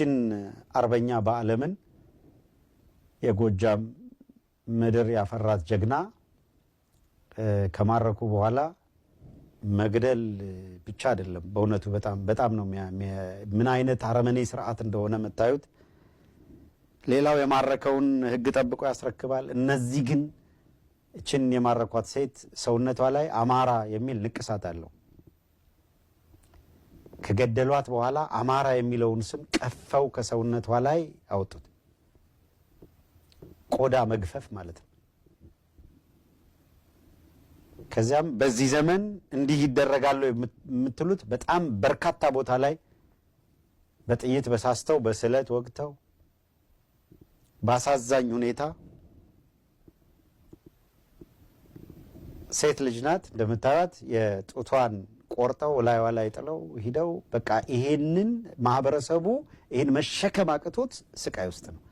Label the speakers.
Speaker 1: ይችን አርበኛ በዓለምን የጎጃም ምድር ያፈራት ጀግና ከማረኩ በኋላ መግደል ብቻ አይደለም። በእውነቱ በጣም በጣም ነው ምን አይነት አረመኔ ስርዓት እንደሆነ የምታዩት። ሌላው የማረከውን ህግ ጠብቆ ያስረክባል። እነዚህ ግን እችን የማረኳት ሴት ሰውነቷ ላይ አማራ የሚል ንቅሳት አለው። ከገደሏት በኋላ አማራ የሚለውን ስም ቀፈው ከሰውነቷ ላይ አወጡት። ቆዳ መግፈፍ ማለት ነው። ከዚያም በዚህ ዘመን እንዲህ ይደረጋሉ የምትሉት በጣም በርካታ ቦታ ላይ በጥይት በሳስተው በስለት ወግተው በአሳዛኝ ሁኔታ ሴት ልጅ ናት እንደምታዩት የጡቷን ቆርጠው ላይዋ ላይ ጥለው ሂደው በቃ ይሄንን ማህበረሰቡ ይሄን መሸከም አቅቶት ስቃይ ውስጥ ነው።